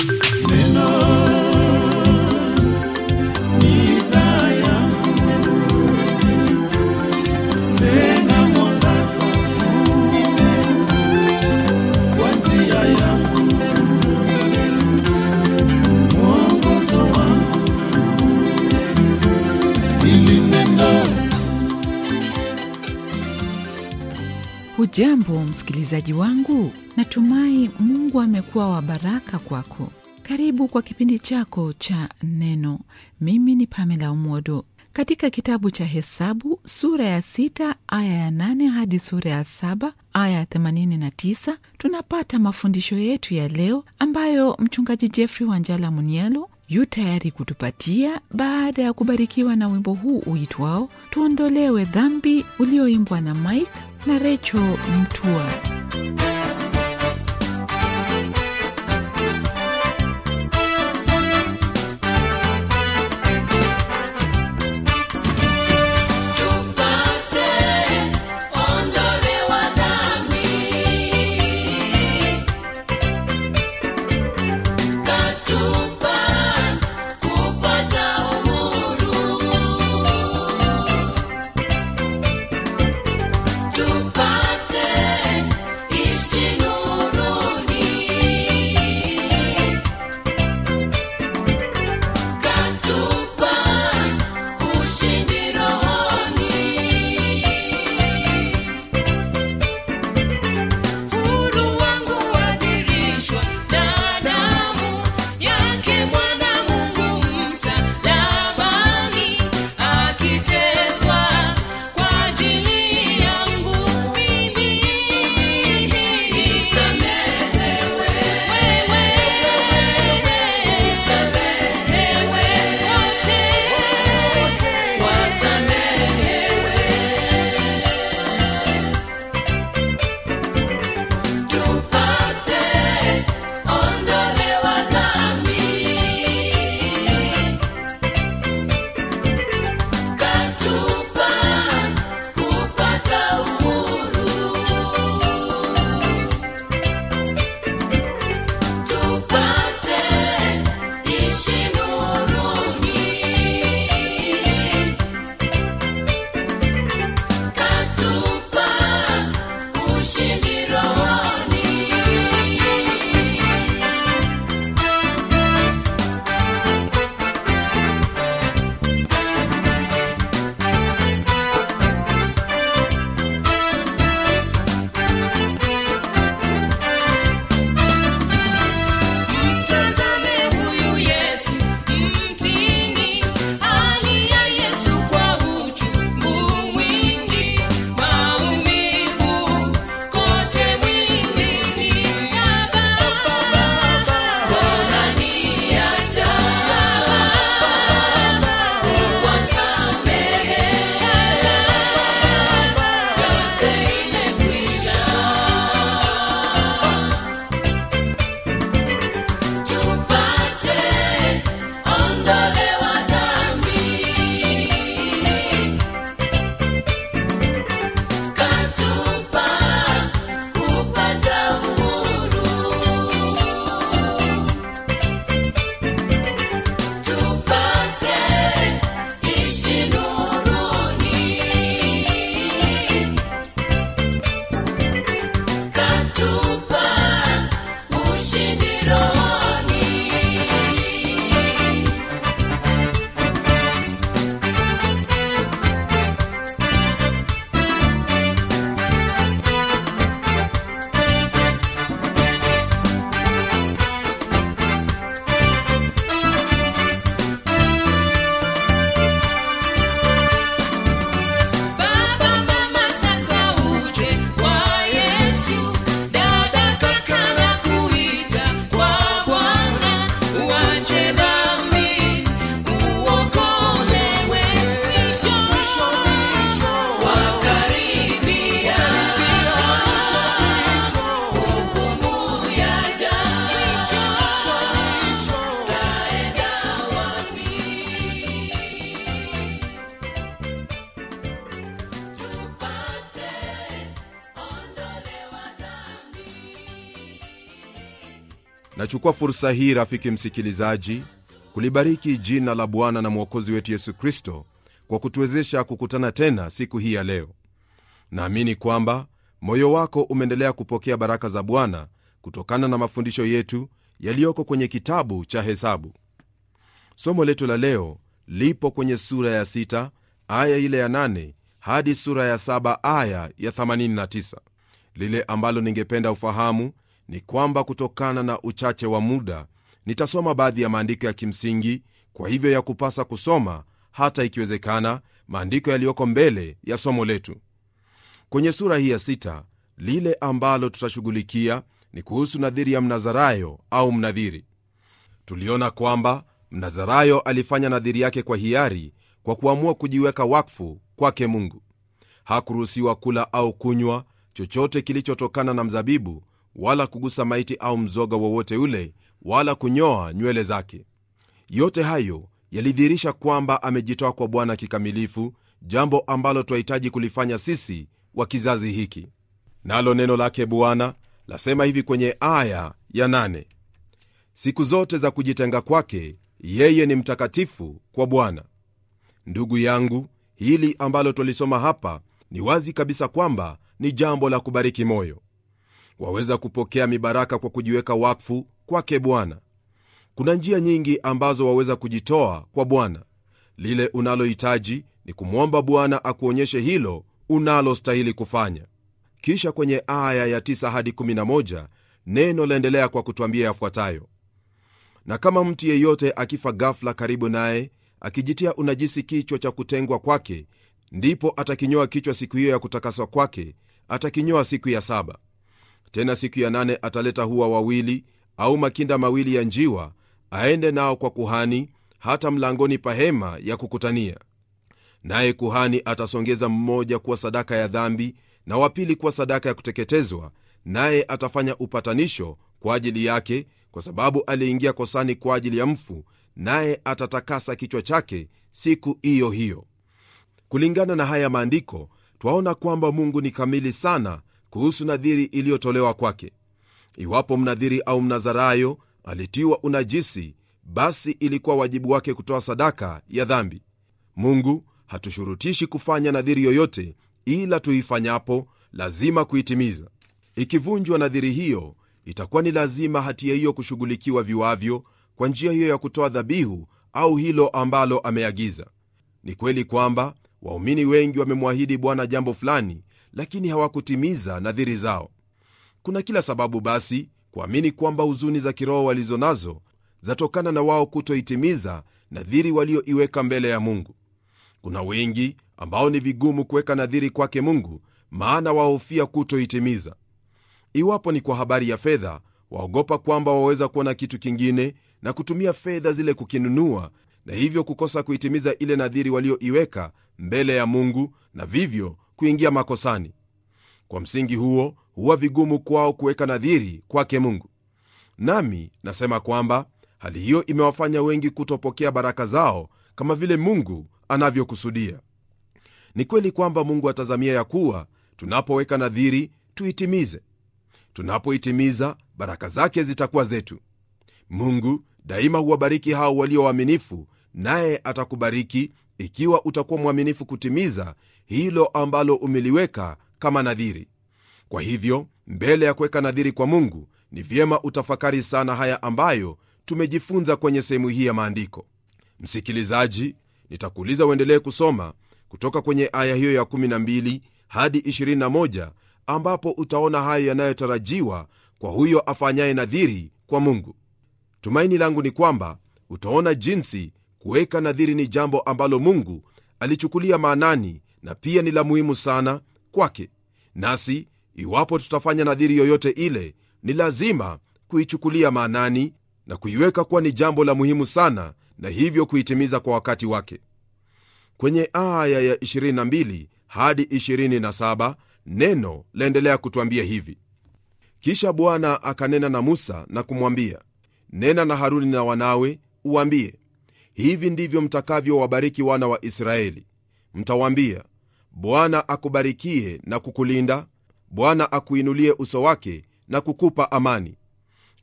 Thank you. Hujambo msikilizaji wangu, natumai Mungu amekuwa wa baraka kwako. Karibu kwa kipindi chako cha Neno. Mimi ni Pamela Umodo. Katika kitabu cha Hesabu sura ya sita aya ya nane hadi sura ya saba aya ya themanini na tisa tunapata mafundisho yetu ya leo ambayo mchungaji Jeffrey Wanjala Munialo yu tayari kutupatia baada ya kubarikiwa na wimbo huu uitwao tuondolewe dhambi ulioimbwa na Mike na Recho Mtua. nachukua fursa hii rafiki msikilizaji, kulibariki jina la Bwana na Mwokozi wetu Yesu Kristo kwa kutuwezesha kukutana tena siku hii ya leo. Naamini kwamba moyo wako umeendelea kupokea baraka za Bwana kutokana na mafundisho yetu yaliyoko kwenye kitabu cha Hesabu. Somo letu la leo lipo kwenye sura ya 6 aya ile ya 8 hadi sura ya 7 aya ya 89. Lile ambalo ningependa ufahamu ni kwamba kutokana na uchache wa muda nitasoma baadhi ya maandiko ya kimsingi, kwa hivyo ya kupasa kusoma, hata ikiwezekana maandiko yaliyoko mbele ya somo letu kwenye sura hii ya sita. Lile ambalo tutashughulikia ni kuhusu nadhiri ya mnazarayo au mnadhiri. Tuliona kwamba mnazarayo alifanya nadhiri yake kwa hiari, kwa kuamua kujiweka wakfu kwake Mungu. Hakuruhusiwa kula au kunywa chochote kilichotokana na mzabibu wala kugusa maiti au mzoga wowote ule, wala kunyoa nywele zake. Yote hayo yalidhihirisha kwamba amejitoa kwa Bwana kikamilifu, jambo ambalo twahitaji kulifanya sisi wa kizazi hiki. Nalo neno lake Bwana lasema hivi kwenye aya ya nane: siku zote za kujitenga kwake yeye ni mtakatifu kwa Bwana. Ndugu yangu, hili ambalo twalisoma hapa ni wazi kabisa kwamba ni jambo la kubariki moyo waweza kupokea mibaraka kwa kujiweka wakfu kwake Bwana. Kuna njia nyingi ambazo waweza kujitoa kwa Bwana. Lile unalohitaji ni kumwomba Bwana akuonyeshe hilo unalostahili kufanya. Kisha kwenye aya ya 9 hadi 11 neno laendelea kwa kutwambia yafuatayo: na kama mtu yeyote akifa ghafla karibu naye akijitia unajisi kichwa cha kutengwa kwake, ndipo atakinyoa kichwa siku hiyo ya kutakaswa kwake, atakinyoa siku ya saba. Tena siku ya nane ataleta huwa wawili au makinda mawili ya njiwa, aende nao kwa kuhani hata mlangoni pa hema ya kukutania. Naye kuhani atasongeza mmoja kuwa sadaka ya dhambi na wapili kuwa sadaka ya kuteketezwa, naye atafanya upatanisho kwa ajili yake, kwa sababu aliingia kosani kwa ajili ya mfu, naye atatakasa kichwa chake siku hiyo hiyo. Kulingana na haya maandiko, twaona kwamba Mungu ni kamili sana kuhusu nadhiri iliyotolewa kwake iwapo mnadhiri au mnazarayo alitiwa unajisi basi ilikuwa wajibu wake kutoa sadaka ya dhambi mungu hatushurutishi kufanya nadhiri yoyote ila tuifanyapo lazima kuitimiza ikivunjwa nadhiri hiyo itakuwa ni lazima hatia hiyo kushughulikiwa viwavyo kwa njia hiyo ya kutoa dhabihu au hilo ambalo ameagiza ni kweli kwamba waumini wengi wamemwahidi bwana jambo fulani lakini hawakutimiza nadhiri zao. Kuna kila sababu basi kuamini kwamba huzuni za kiroho walizo nazo zatokana na wao kutoitimiza nadhiri walioiweka mbele ya Mungu. Kuna wengi ambao ni vigumu kuweka nadhiri kwake Mungu, maana wahofia kutoitimiza. Iwapo ni kwa habari ya fedha, waogopa kwamba waweza kuona kitu kingine na kutumia fedha zile kukinunua, na hivyo kukosa kuitimiza ile nadhiri walioiweka mbele ya Mungu, na vivyo kuingia makosani. Kwa msingi huo, huwa vigumu kwao kuweka nadhiri kwake Mungu. Nami nasema kwamba hali hiyo imewafanya wengi kutopokea baraka zao kama vile Mungu anavyokusudia. Ni kweli kwamba Mungu atazamia ya kuwa tunapoweka nadhiri tuitimize. Tunapoitimiza, baraka zake zitakuwa zetu. Mungu daima huwabariki hao walio waaminifu, naye atakubariki ikiwa utakuwa mwaminifu kutimiza hilo ambalo umeliweka kama nadhiri. Kwa hivyo, mbele ya kuweka nadhiri kwa Mungu, ni vyema utafakari sana haya ambayo tumejifunza kwenye sehemu hii ya maandiko. Msikilizaji, nitakuuliza uendelee kusoma kutoka kwenye aya hiyo ya 12 hadi 21 ambapo utaona hayo yanayotarajiwa kwa huyo afanyaye nadhiri kwa Mungu. Tumaini langu ni kwamba utaona jinsi kuweka nadhiri ni jambo ambalo mungu alichukulia maanani na pia ni la muhimu sana kwake nasi iwapo tutafanya nadhiri yoyote ile ni lazima kuichukulia maanani na kuiweka kuwa ni jambo la muhimu sana na hivyo kuitimiza kwa wakati wake kwenye aya ya 22 hadi 27 neno laendelea kutwambia hivi kisha bwana akanena na musa na kumwambia nena na haruni na wanawe uwambie hivi ndivyo mtakavyowabariki wana wa Israeli. Mtawaambia, Bwana akubarikie na kukulinda, Bwana akuinulie uso wake na kukupa amani.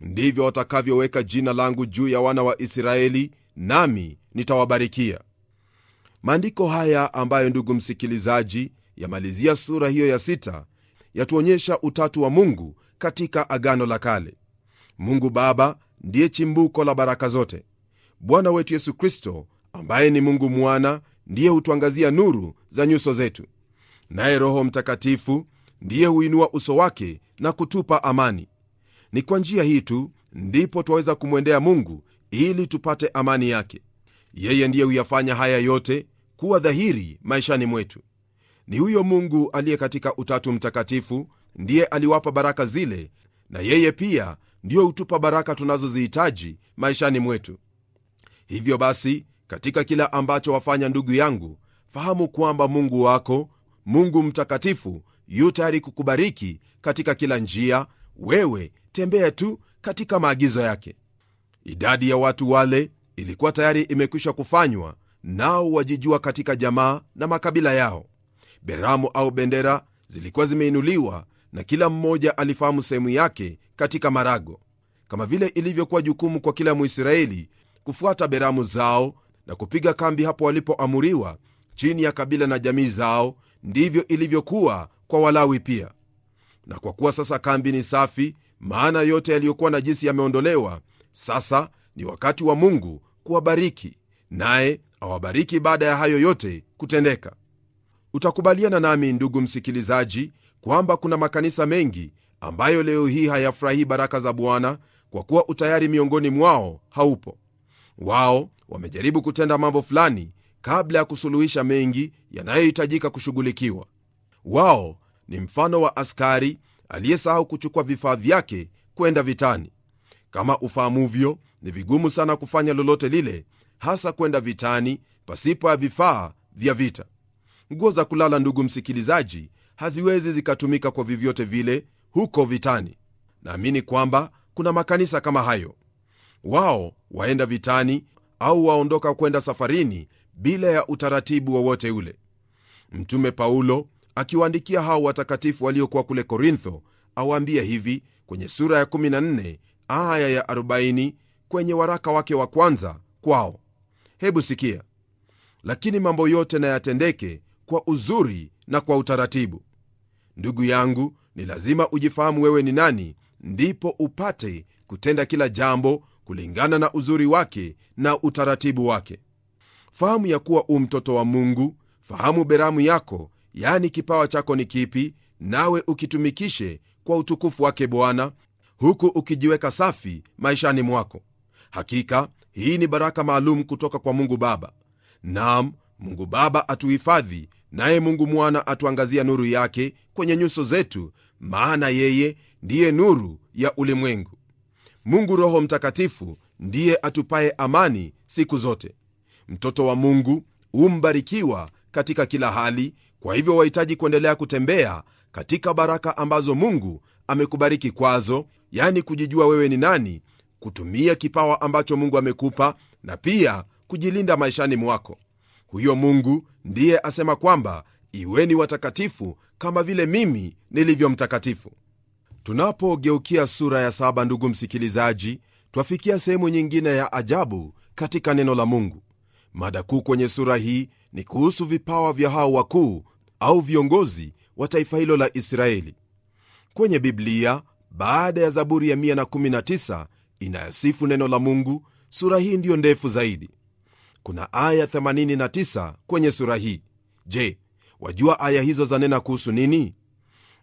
Ndivyo watakavyoweka jina langu juu ya wana wa Israeli, nami nitawabarikia. Maandiko haya ambayo, ndugu msikilizaji, yamalizia sura hiyo ya sita, yatuonyesha utatu wa Mungu katika Agano la Kale. Mungu Baba ndiye chimbuko la baraka zote. Bwana wetu Yesu Kristo ambaye ni Mungu mwana ndiye hutuangazia nuru za nyuso zetu, naye Roho Mtakatifu ndiye huinua uso wake na kutupa amani. Ni kwa njia hii tu ndipo twaweza kumwendea Mungu ili tupate amani yake. Yeye ndiye huyafanya haya yote kuwa dhahiri maishani mwetu. Ni huyo Mungu aliye katika Utatu Mtakatifu ndiye aliwapa baraka zile, na yeye pia ndiyo hutupa baraka tunazozihitaji maishani mwetu. Hivyo basi, katika kila ambacho wafanya, ndugu yangu, fahamu kwamba Mungu wako Mungu mtakatifu yu tayari kukubariki katika kila njia. Wewe tembea tu katika maagizo yake. Idadi ya watu wale ilikuwa tayari imekwisha kufanywa, nao wajijua katika jamaa na makabila yao. Beramu au bendera zilikuwa zimeinuliwa na kila mmoja alifahamu sehemu yake katika marago, kama vile ilivyokuwa jukumu kwa kila Mwisraeli kufuata beramu zao na kupiga kambi hapo walipoamuriwa chini ya kabila na jamii zao. Ndivyo ilivyokuwa kwa Walawi pia. Na kwa kuwa sasa kambi ni safi, maana yote yaliyokuwa na jinsi yameondolewa, sasa ni wakati wa Mungu kuwabariki, naye awabariki baada ya hayo yote kutendeka. Utakubaliana nami ndugu msikilizaji, kwamba kuna makanisa mengi ambayo leo hii hayafurahii baraka za Bwana kwa kuwa utayari miongoni mwao haupo wao wamejaribu kutenda mambo fulani kabla ya kusuluhisha mengi yanayohitajika kushughulikiwa. Wao ni mfano wa askari aliyesahau kuchukua vifaa vyake kwenda vitani. Kama ufahamuvyo, ni vigumu sana kufanya lolote lile, hasa kwenda vitani pasipo ya vifaa vya vita. Nguo za kulala, ndugu msikilizaji, haziwezi zikatumika kwa vyovyote vile huko vitani. Naamini kwamba kuna makanisa kama hayo wao waenda vitani au waondoka kwenda safarini bila ya utaratibu wowote ule. Mtume Paulo akiwaandikia hao watakatifu waliokuwa kule Korintho awaambia hivi kwenye sura ya 14 aya ya 40 kwenye waraka wake wa kwanza kwao. Hebu sikia: lakini mambo yote na yatendeke kwa uzuri na kwa utaratibu. Ndugu yangu, ni lazima ujifahamu wewe ni nani, ndipo upate kutenda kila jambo kulingana na uzuri wake na utaratibu wake. Fahamu ya kuwa u mtoto wa Mungu, fahamu beramu yako, yaani kipawa chako ni kipi, nawe ukitumikishe kwa utukufu wake Bwana, huku ukijiweka safi maishani mwako. Hakika hii ni baraka maalum kutoka kwa Mungu Baba. Naam, Mungu Baba atuhifadhi, naye Mungu Mwana atuangazia nuru yake kwenye nyuso zetu, maana yeye ndiye nuru ya ulimwengu mungu roho mtakatifu ndiye atupaye amani siku zote mtoto wa mungu humbarikiwa katika kila hali kwa hivyo wahitaji kuendelea kutembea katika baraka ambazo mungu amekubariki kwazo yani kujijua wewe ni nani kutumia kipawa ambacho mungu amekupa na pia kujilinda maishani mwako huyo mungu ndiye asema kwamba iweni watakatifu kama vile mimi nilivyo mtakatifu tunapogeukia sura ya saba ndugu msikilizaji twafikia sehemu nyingine ya ajabu katika neno la mungu mada kuu kwenye sura hii ni kuhusu vipawa vya hao wakuu au viongozi wa taifa hilo la israeli kwenye biblia baada ya zaburi ya 119 inayosifu neno la mungu sura hii ndiyo ndefu zaidi kuna aya 89 kwenye sura hii je wajua aya hizo zanena kuhusu nini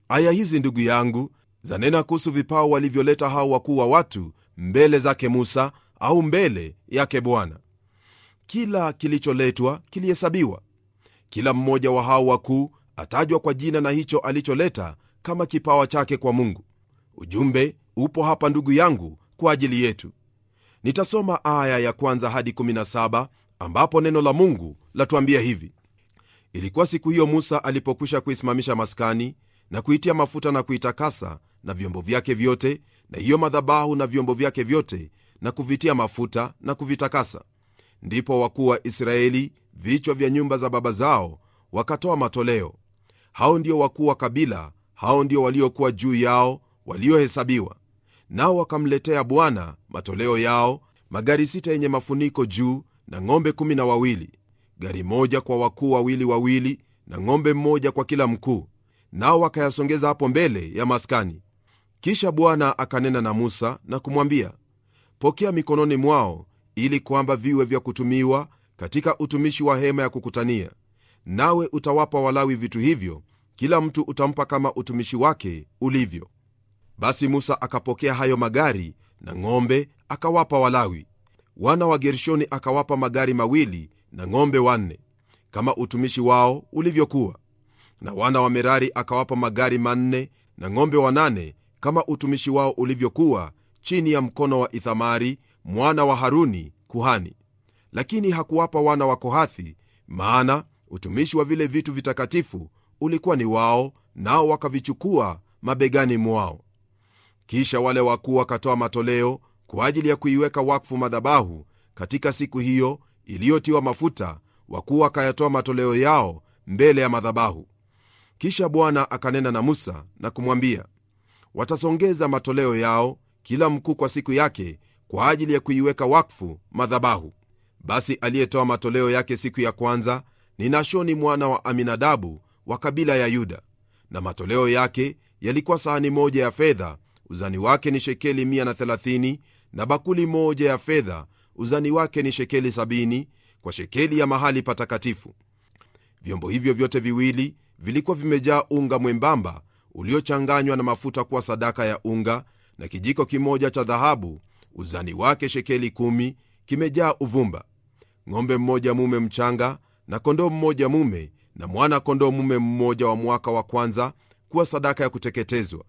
aya hizi ndugu yangu zanena kuhusu vipao walivyoleta hao wakuu wa watu mbele zake Musa au mbele yake Bwana. Kila kilicholetwa kilihesabiwa. Kila mmoja wa hao wakuu atajwa kwa jina na hicho alicholeta kama kipawa chake kwa Mungu. Ujumbe upo hapa ndugu yangu, kwa ajili yetu. Nitasoma aya ya kwanza hadi 17 ambapo neno la Mungu latuambia hivi: Ilikuwa siku hiyo Musa alipokwisha kuisimamisha maskani na kuitia mafuta na kuitakasa, na vyombo vyake vyote na hiyo madhabahu na vyombo vyake vyote na kuvitia mafuta na kuvitakasa. Ndipo wakuu wa Israeli, vichwa vya nyumba za baba zao, wakatoa matoleo. Hao ndio wakuu wa kabila, hao ndio waliokuwa juu yao waliohesabiwa. Nao wakamletea Bwana matoleo yao, magari sita yenye mafuniko juu na ng'ombe kumi na wawili, gari moja kwa wakuu wawili wawili, na ng'ombe mmoja kwa kila mkuu. Nao wakayasongeza hapo mbele ya maskani kisha Bwana akanena na Musa na kumwambia, pokea mikononi mwao, ili kwamba viwe vya kutumiwa katika utumishi wa hema ya kukutania, nawe utawapa Walawi vitu hivyo, kila mtu utampa kama utumishi wake ulivyo. Basi Musa akapokea hayo magari na ng'ombe, akawapa Walawi. Wana wa Gershoni akawapa magari mawili na ng'ombe wanne kama utumishi wao ulivyokuwa, na wana wa Merari akawapa magari manne na ng'ombe wanane kama utumishi wao ulivyokuwa chini ya mkono wa Ithamari mwana wa Haruni kuhani. Lakini hakuwapa wana wa Kohathi, maana utumishi wa vile vitu vitakatifu ulikuwa ni wao, nao wakavichukua mabegani mwao. Kisha wale wakuu wakatoa matoleo kwa ajili ya kuiweka wakfu madhabahu katika siku hiyo iliyotiwa mafuta, wakuu wakayatoa matoleo yao mbele ya madhabahu. Kisha Bwana akanena na Musa na kumwambia, watasongeza matoleo yao kila mkuu kwa siku yake kwa ajili ya kuiweka wakfu madhabahu. Basi aliyetoa matoleo yake siku ya kwanza ni Nashoni mwana wa Aminadabu wa kabila ya Yuda, na matoleo yake yalikuwa sahani moja ya fedha, uzani wake ni shekeli 130 na bakuli moja ya fedha, uzani wake ni shekeli 70 kwa shekeli ya mahali patakatifu. Vyombo hivyo vyote viwili vilikuwa vimejaa unga mwembamba uliochanganywa na mafuta kuwa sadaka ya unga, na kijiko kimoja cha dhahabu uzani wake shekeli kumi, kimejaa uvumba, ng'ombe mmoja mume mchanga na kondoo mmoja mume na mwana kondoo mume mmoja wa mwaka wa kwanza kuwa sadaka ya kuteketezwa,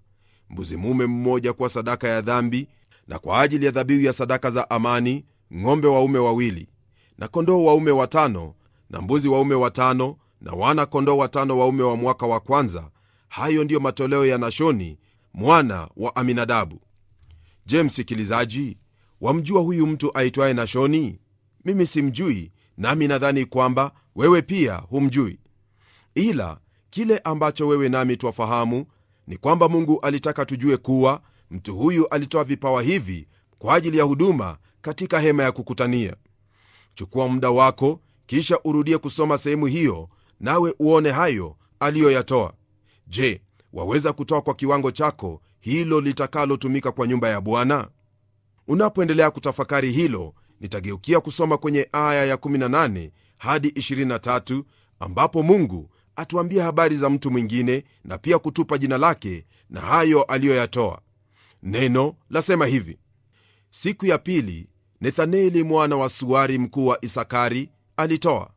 mbuzi mume mmoja kuwa sadaka ya dhambi, na kwa ajili ya dhabihu ya sadaka za amani ng'ombe waume wawili na kondoo waume watano na mbuzi waume watano na wana kondoo watano waume wa mwaka wa kwanza Hayo ndiyo matoleo ya Nashoni mwana wa Aminadabu. Je, msikilizaji, wamjua huyu mtu aitwaye Nashoni? Mimi simjui, nami nadhani kwamba wewe pia humjui, ila kile ambacho wewe nami twafahamu ni kwamba Mungu alitaka tujue kuwa mtu huyu alitoa vipawa hivi kwa ajili ya huduma katika hema ya kukutania. Chukua muda wako, kisha urudie kusoma sehemu hiyo, nawe uone hayo aliyoyatoa. Je, waweza kutoa kwa kiwango chako hilo litakalotumika kwa nyumba ya Bwana? Unapoendelea kutafakari hilo, nitageukia kusoma kwenye aya ya 18 hadi 23 ambapo Mungu atuambia habari za mtu mwingine na pia kutupa jina lake na hayo aliyoyatoa. Neno lasema hivi: siku ya pili Nethaneli mwana wa Suari mkuu wa Isakari alitoa,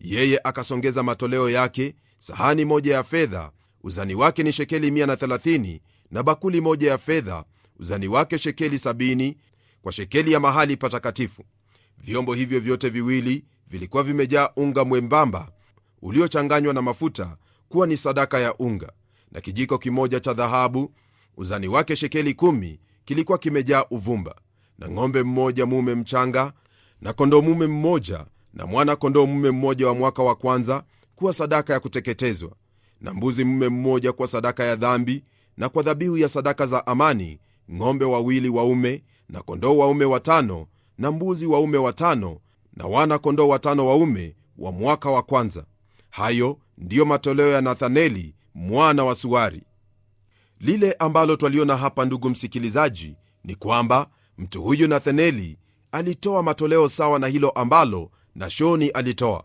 yeye akasongeza matoleo yake sahani moja ya fedha uzani wake ni shekeli 130 na bakuli moja ya fedha uzani wake shekeli 70 kwa shekeli ya mahali patakatifu. Vyombo hivyo vyote viwili vilikuwa vimejaa unga mwembamba uliochanganywa na mafuta kuwa ni sadaka ya unga, na kijiko kimoja cha dhahabu uzani wake shekeli 1 kilikuwa kimejaa uvumba, na ng'ombe mmoja mume mchanga na kondoo mume mmoja na mwana kondoo mume mmoja wa mwaka wa kwanza kuwa sadaka ya kuteketezwa na mbuzi mume mmoja kwa sadaka ya dhambi, na kwa dhabihu ya sadaka za amani ng'ombe wawili waume na kondoo waume watano na mbuzi waume watano na wana kondoo watano waume wa mwaka wa kwanza. Hayo ndiyo matoleo ya Nathaneli mwana wa Suari. Lile ambalo twaliona hapa, ndugu msikilizaji, ni kwamba mtu huyu Nathaneli alitoa matoleo sawa na hilo ambalo Nashoni alitoa.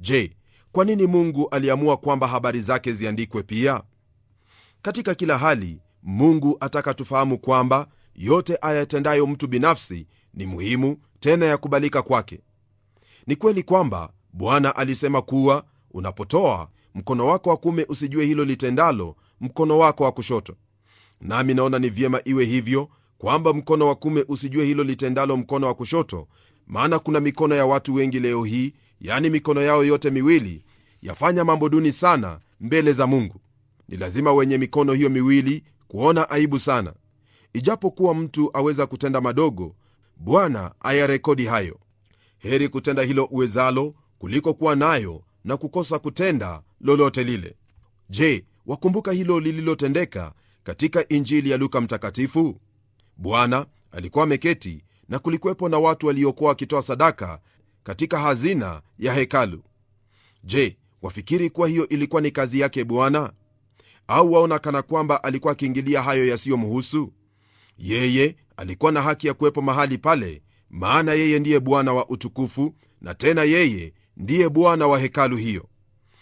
Je, kwa nini Mungu aliamua kwamba habari zake ziandikwe pia? Katika kila hali, Mungu ataka tufahamu kwamba yote ayatendayo mtu binafsi ni muhimu tena ya kubalika kwake. Ni kweli kwamba Bwana alisema kuwa unapotoa mkono wako wa kume usijue hilo litendalo mkono wako wa kushoto. Nami naona ni vyema iwe hivyo, kwamba mkono wa kume usijue hilo litendalo mkono wa kushoto, maana kuna mikono ya watu wengi leo hii yaani mikono yao yote miwili yafanya mambo duni sana mbele za Mungu. Ni lazima wenye mikono hiyo miwili kuona aibu sana. Ijapokuwa mtu aweza kutenda madogo, Bwana ayarekodi hayo. Heri kutenda hilo uwezalo kuliko kuwa nayo na kukosa kutenda lolote lile. Je, wakumbuka hilo lililotendeka katika Injili ya Luka Mtakatifu? Bwana alikuwa ameketi na kulikuwepo na watu waliokuwa wakitoa sadaka katika hazina ya hekalu. Je, wafikiri kuwa hiyo ilikuwa ni kazi yake Bwana? Au waona kana kwamba alikuwa akiingilia hayo yasiyomhusu yeye? Alikuwa na haki ya kuwepo mahali pale, maana yeye ndiye Bwana wa utukufu, na tena yeye ndiye Bwana wa hekalu hiyo.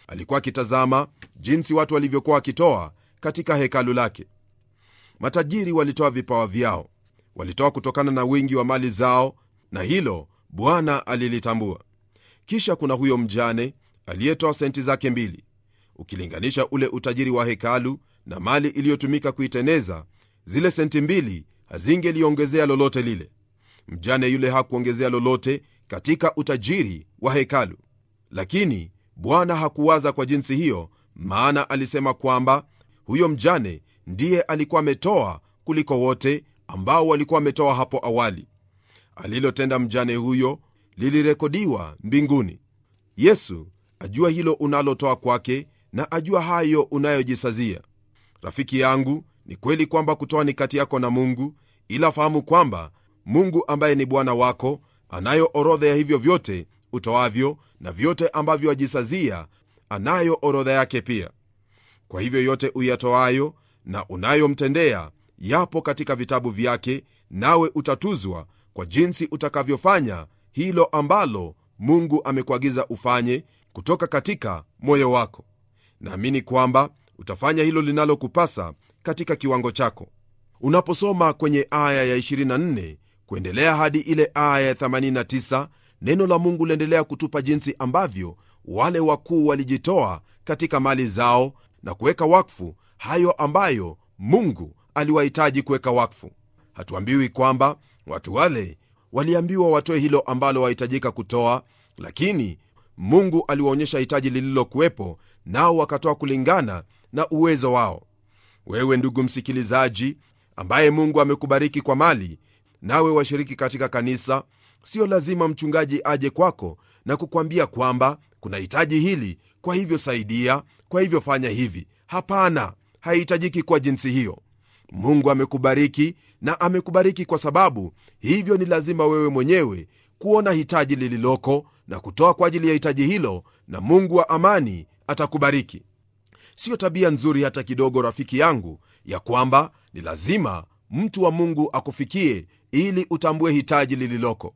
Alikuwa akitazama jinsi watu walivyokuwa wakitoa katika hekalu lake. Matajiri walitoa vipawa vyao, walitoa kutokana na wingi wa mali zao, na hilo Bwana alilitambua. Kisha kuna huyo mjane aliyetoa senti zake mbili. Ukilinganisha ule utajiri wa hekalu na mali iliyotumika kuiteneza, zile senti mbili hazingeliongezea lolote lile. Mjane yule hakuongezea lolote katika utajiri wa hekalu, lakini Bwana hakuwaza kwa jinsi hiyo, maana alisema kwamba huyo mjane ndiye alikuwa ametoa kuliko wote ambao walikuwa wametoa hapo awali alilotenda mjane huyo lilirekodiwa mbinguni. Yesu ajua hilo unalotoa kwake na ajua hayo unayojisazia. Rafiki yangu, ni kweli kwamba kutoa ni kati yako na Mungu, ila fahamu kwamba Mungu ambaye ni Bwana wako anayo orodha ya hivyo vyote utoavyo na vyote ambavyo ajisazia anayo orodha yake pia. Kwa hivyo yote uyatoayo na unayomtendea yapo katika vitabu vyake, nawe utatuzwa kwa jinsi utakavyofanya hilo ambalo Mungu amekuagiza ufanye kutoka katika moyo wako. Naamini kwamba utafanya hilo linalokupasa katika kiwango chako. Unaposoma kwenye aya ya 24 kuendelea hadi ile aya ya 89, neno la Mungu liendelea kutupa jinsi ambavyo wale wakuu walijitoa katika mali zao na kuweka wakfu hayo ambayo Mungu aliwahitaji kuweka wakfu. Hatuambiwi kwamba Watu wale waliambiwa watoe hilo ambalo wahitajika kutoa, lakini Mungu aliwaonyesha hitaji lililokuwepo, nao wakatoa kulingana na uwezo wao. Wewe ndugu msikilizaji, ambaye Mungu amekubariki kwa mali, nawe washiriki katika kanisa, sio lazima mchungaji aje kwako na kukwambia kwamba kuna hitaji hili, kwa hivyo saidia, kwa hivyo fanya hivi. Hapana, haihitajiki kwa jinsi hiyo. Mungu amekubariki na amekubariki kwa sababu hivyo ni lazima wewe mwenyewe kuona hitaji lililoko na kutoa kwa ajili ya hitaji hilo, na Mungu wa amani atakubariki. Siyo tabia nzuri hata kidogo, rafiki yangu, ya kwamba ni lazima mtu wa Mungu akufikie ili utambue hitaji lililoko.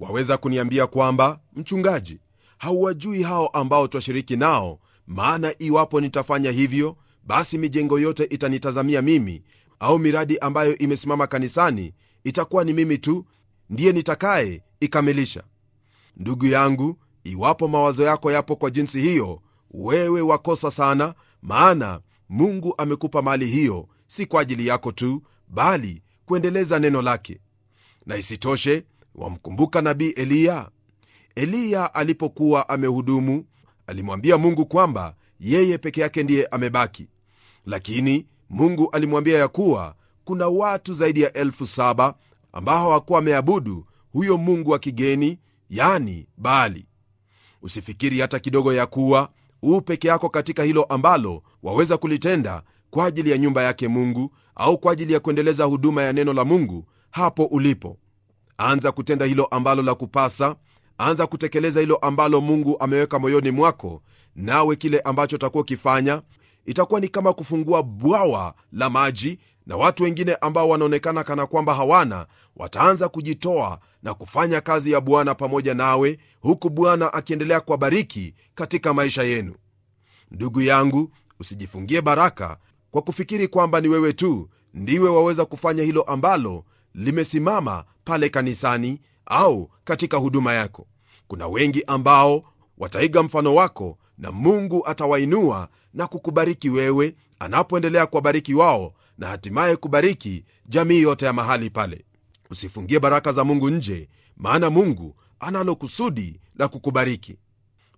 Waweza kuniambia kwamba mchungaji, hauwajui hao ambao twashiriki nao, maana iwapo nitafanya hivyo, basi mijengo yote itanitazamia mimi au miradi ambayo imesimama kanisani itakuwa ni mimi tu ndiye nitakaye ikamilisha. Ndugu yangu, iwapo mawazo yako yapo kwa jinsi hiyo, wewe wakosa sana, maana Mungu amekupa mali hiyo si kwa ajili yako tu, bali kuendeleza neno lake. Na isitoshe, wamkumbuka nabii Eliya? Eliya alipokuwa amehudumu, alimwambia Mungu kwamba yeye peke yake ndiye amebaki, lakini mungu alimwambia ya kuwa kuna watu zaidi ya elfu saba ambao hawakuwa wameabudu huyo mungu wa kigeni yani bali usifikiri hata kidogo ya kuwa huu peke yako katika hilo ambalo waweza kulitenda kwa ajili ya nyumba yake mungu au kwa ajili ya kuendeleza huduma ya neno la mungu hapo ulipo anza kutenda hilo ambalo la kupasa anza kutekeleza hilo ambalo mungu ameweka moyoni mwako nawe kile ambacho utakuwa ukifanya itakuwa ni kama kufungua bwawa la maji, na watu wengine ambao wanaonekana kana kwamba hawana wataanza kujitoa na kufanya kazi ya Bwana pamoja nawe, huku Bwana akiendelea kuwabariki katika maisha yenu. Ndugu yangu, usijifungie baraka kwa kufikiri kwamba ni wewe tu ndiwe waweza kufanya hilo ambalo limesimama pale kanisani au katika huduma yako. Kuna wengi ambao wataiga mfano wako na Mungu atawainua na kukubariki wewe anapoendelea kuwabariki wao na hatimaye kubariki jamii yote ya mahali pale usifungie baraka za mungu nje maana mungu analo kusudi la kukubariki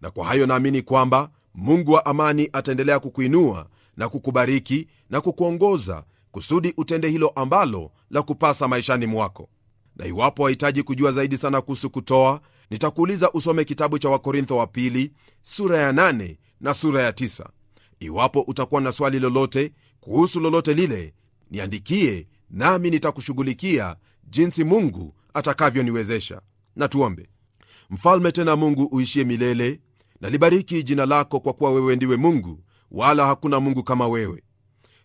na kwa hayo naamini kwamba mungu wa amani ataendelea kukuinua na kukubariki na kukuongoza kusudi utende hilo ambalo la kupasa maishani mwako na iwapo wahitaji kujua zaidi sana kuhusu kutoa nitakuuliza usome kitabu cha wakorintho wa pili sura ya 8 na sura ya 9 Iwapo utakuwa na swali lolote kuhusu lolote lile, niandikie, nami nitakushughulikia jinsi Mungu atakavyoniwezesha. Na tuombe. Mfalme tena Mungu uishie milele, nalibariki jina lako, kwa kuwa wewe ndiwe Mungu, wala hakuna Mungu kama wewe.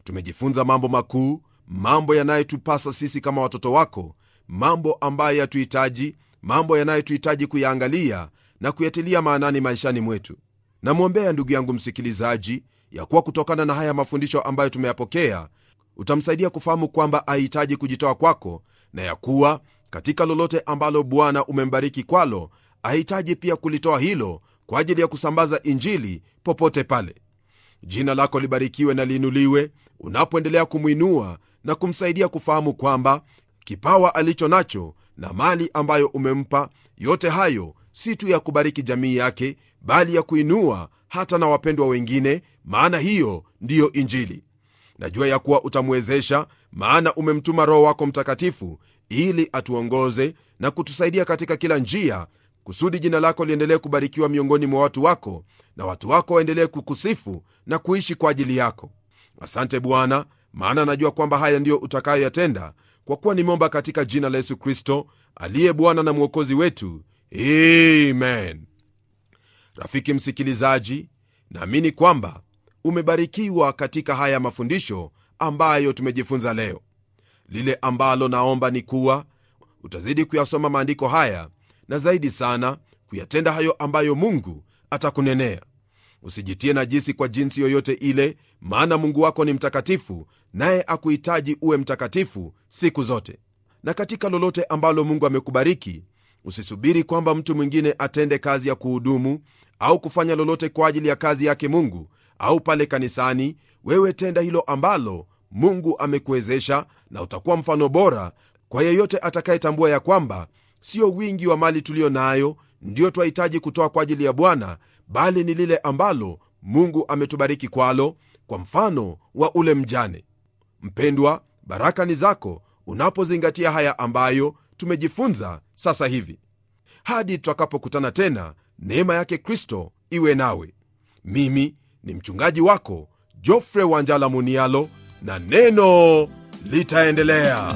Tumejifunza mambo makuu, mambo yanayotupasa sisi kama watoto wako, mambo ambayo yatuhitaji, mambo yanayotuhitaji kuyaangalia na kuyatilia maanani maishani mwetu. Namwombea ndugu yangu msikilizaji ya kuwa kutokana na haya mafundisho ambayo tumeyapokea utamsaidia kufahamu kwamba ahitaji kujitoa kwako na ya kuwa katika lolote ambalo Bwana umembariki kwalo ahitaji pia kulitoa hilo kwa ajili ya kusambaza Injili popote pale. Jina lako libarikiwe na liinuliwe unapoendelea kumwinua na kumsaidia kufahamu kwamba kipawa alicho nacho na mali ambayo umempa, yote hayo si tu ya kubariki jamii yake, bali ya kuinua hata na wapendwa wengine, maana hiyo ndiyo Injili. Najua ya kuwa utamwezesha, maana umemtuma Roho wako Mtakatifu ili atuongoze na kutusaidia katika kila njia, kusudi jina lako liendelee kubarikiwa miongoni mwa watu wako, na watu wako waendelee kukusifu na kuishi kwa ajili yako. Asante Bwana, maana najua kwamba haya ndiyo utakayoyatenda, kwa kuwa nimeomba katika jina la Yesu Kristo aliye Bwana na Mwokozi wetu. Amen rafiki msikilizaji naamini kwamba umebarikiwa katika haya mafundisho ambayo tumejifunza leo lile ambalo naomba ni kuwa utazidi kuyasoma maandiko haya na zaidi sana kuyatenda hayo ambayo mungu atakunenea usijitie na jisi kwa jinsi yoyote ile maana mungu wako ni mtakatifu naye akuhitaji uwe mtakatifu siku zote na katika lolote ambalo mungu amekubariki Usisubiri kwamba mtu mwingine atende kazi ya kuhudumu au kufanya lolote kwa ajili ya kazi yake Mungu au pale kanisani. Wewe tenda hilo ambalo Mungu amekuwezesha, na utakuwa mfano bora kwa yeyote atakayetambua ya kwamba sio wingi wa mali tuliyo nayo ndiyo twahitaji kutoa kwa ajili ya Bwana, bali ni lile ambalo Mungu ametubariki kwalo, kwa mfano wa ule mjane. Mpendwa, baraka ni zako unapozingatia haya ambayo tumejifunza sasa hivi. Hadi tutakapokutana tena, neema yake Kristo iwe nawe. Mimi ni mchungaji wako Jofre Wanjala Munialo, na neno litaendelea.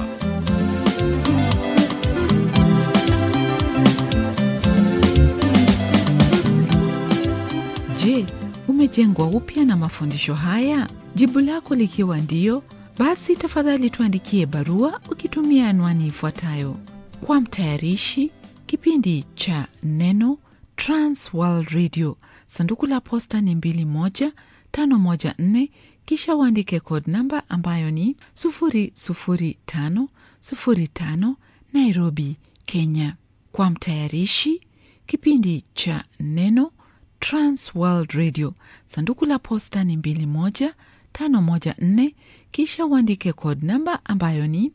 Je, umejengwa upya na mafundisho haya? Jibu lako likiwa ndiyo, basi tafadhali tuandikie barua ukitumia anwani ifuatayo: kwa mtayarishi kipindi cha Neno, Trans World Radio. Sanduku la posta ni 21514, kisha uandike code namba ambayo ni 00505, Nairobi, Kenya. Kwa mtayarishi kipindi cha Neno, Trans World Radio. Sanduku la posta ni 21514, kisha uandike code namba ambayo ni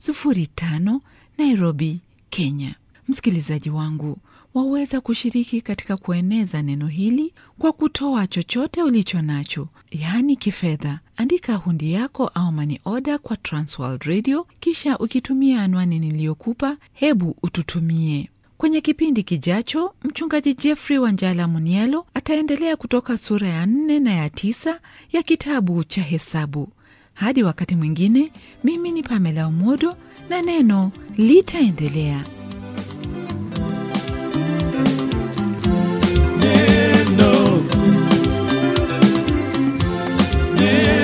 05 Nairobi, Kenya. Msikilizaji wangu, waweza kushiriki katika kueneza neno hili kwa kutoa chochote ulicho nacho, yaani kifedha. Andika hundi yako au mani oda kwa Transworld Radio, kisha ukitumia anwani niliyokupa, hebu ututumie. Kwenye kipindi kijacho, mchungaji Jeffrey Wanjala Munialo ataendelea kutoka sura ya nne na ya tisa ya kitabu cha Hesabu. Hadi wakati mwingine, mimi ni Pamela Umodo na neno litaendelea. Yeah.